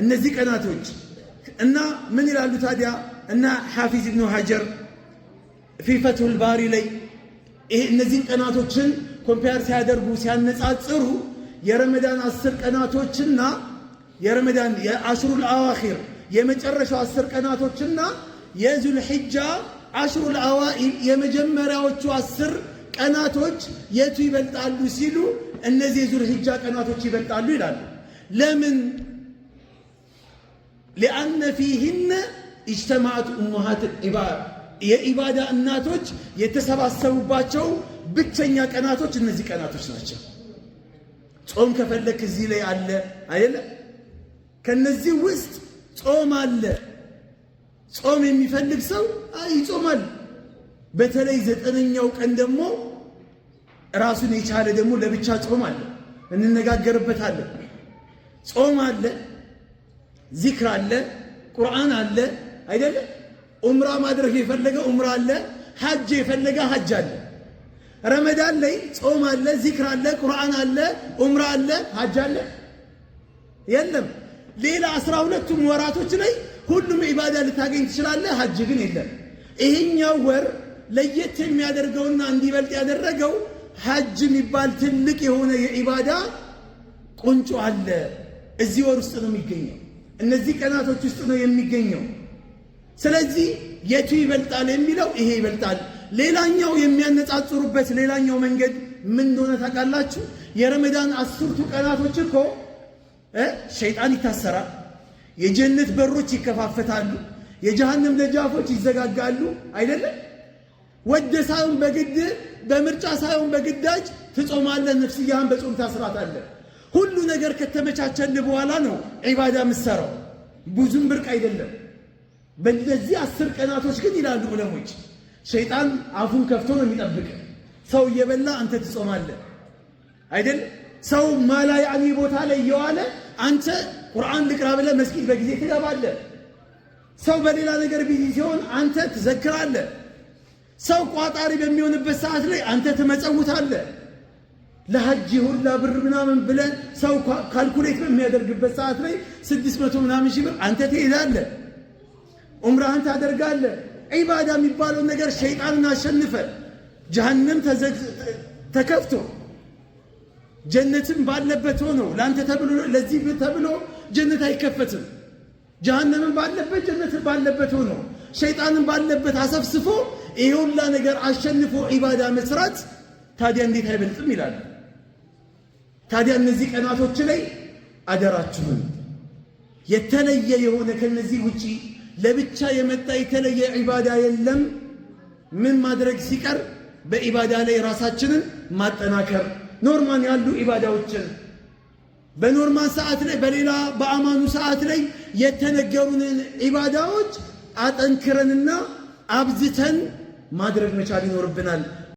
እነዚህ ቀናቶች እና ምን ይላሉ ታዲያ እና ሐፊዝ ኢብኑ ሀጀር ፊ ፈትሁል ባሪ ላይ ይሄ እነዚህን ቀናቶችን ኮምፔር ሲያደርጉ ሲያነጻጽሩ የረመዳን አስር ቀናቶችና የረመዳን የአሽሩል አዋኺር የመጨረሻው አስር ቀናቶችና የዙል ሒጃ አሽሩል አዋኢል የመጀመሪያዎቹ አስር ቀናቶች የቱ ይበልጣሉ ሲሉ እነዚህ የዙል ሒጃ ቀናቶች ይበልጣሉ ይላሉ። ለምን? ሊአነ ፊህነ ኢጅተማዓት ኡመሃት የኢባዳ እናቶች የተሰባሰቡባቸው ብቸኛ ቀናቶች እነዚህ ቀናቶች ናቸው። ጾም ከፈለክ እዚህ ላይ አለ አይደለ? ከነዚህ ውስጥ ጾም አለ። ጾም የሚፈልግ ሰው ይጾማል። በተለይ ዘጠነኛው ቀን ደግሞ ራሱን የቻለ ደግሞ ለብቻ ጾም አለ፣ እንነጋገርበታለን። ጾም አለ ዚክር አለ፣ ቁርአን አለ አይደለ? ኡምራ ማድረግ የፈለገ ዑምራ አለ፣ ሐጅ የፈለገ ሐጅ አለ። ረመዳን ላይ ጾም አለ፣ ዚክር አለ፣ ቁርአን አለ፣ ዑምራ አለ፣ ሐጅ አለ? የለም። ሌላ አስራ ሁለቱም ወራቶች ላይ ሁሉም ኢባዳ ልታገኝ ትችላለ ሐጅ ግን የለም። ይሄኛው ወር ለየት የሚያደርገውና እንዲበልጥ ያደረገው ሐጅ የሚባል ትልቅ የሆነ የኢባዳ ቁንጮ አለ እዚህ ወር ውስጥ ነው የሚገኘው። እነዚህ ቀናቶች ውስጥ ነው የሚገኘው። ስለዚህ የቱ ይበልጣል የሚለው ይሄ ይበልጣል። ሌላኛው የሚያነጻጽሩበት ሌላኛው መንገድ ምን እንደሆነ ታውቃላችሁ? የረመዳን አስርቱ ቀናቶች እኮ ሸይጣን ይታሰራል፣ የጀነት በሮች ይከፋፈታሉ፣ የጀሃነም ደጃፎች ይዘጋጋሉ። አይደለም ወደ ሳይሆን በግድ በምርጫ ሳይሆን በግዳጅ ትጾማለህ፣ ነፍስያህን በጾም ታስራታለህ። ሁሉ ነገር ከተመቻቸል በኋላ ነው ዒባዳ የምትሰራው። ብዙም ብርቅ አይደለም። በእነዚህ አስር ቀናቶች ግን ይላሉ ዑለሞች ሸይጣን አፉን ከፍቶ ነው የሚጠብቅ። ሰው እየበላ አንተ ትጾማለህ አይደል? ሰው ማላ ያኒ ቦታ ላይ እየዋለ አንተ ቁርአን ልቅራ ብለህ መስጊድ በጊዜ ትገባለህ። ሰው በሌላ ነገር ቢዚ ሲሆን አንተ ትዘክራለህ። ሰው ቋጣሪ በሚሆንበት ሰዓት ላይ አንተ ትመጸውታለህ። ለሀጅ ሁላ ብር ምናምን ብለን ሰው ካልኩሌት በሚያደርግበት ሰዓት ላይ ስድስት መቶ ምናምን ሺህ ብር አንተ ትሄዳለህ፣ ዑምራህን ታደርጋለህ። ዒባዳ የሚባለው ነገር ሸይጣንን አሸንፈ ጀሃነም ተከፍቶ ጀነትም ባለበት ሆኖ ለአንተ ተብሎ ለዚህ ተብሎ ጀነት አይከፈትም። ጀሃነምን ባለበት ጀነት ባለበት ሆኖ ሸይጣንን ባለበት አሰፍስፎ ይሄ ሁላ ነገር አሸንፎ ዒባዳ መስራት ታዲያ እንዴት አይበልጥም ይላል። ታዲያ እነዚህ ቀናቶች ላይ አደራችሁን የተለየ የሆነ ከነዚህ ውጪ ለብቻ የመጣ የተለየ ዒባዳ የለም። ምን ማድረግ ሲቀር በዒባዳ ላይ ራሳችንን ማጠናከር ኖርማን ያሉ ዒባዳዎችን በኖርማን ሰዓት ላይ በሌላ በአማኑ ሰዓት ላይ የተነገሩንን ዒባዳዎች አጠንክረንና አብዝተን ማድረግ መቻል ይኖርብናል።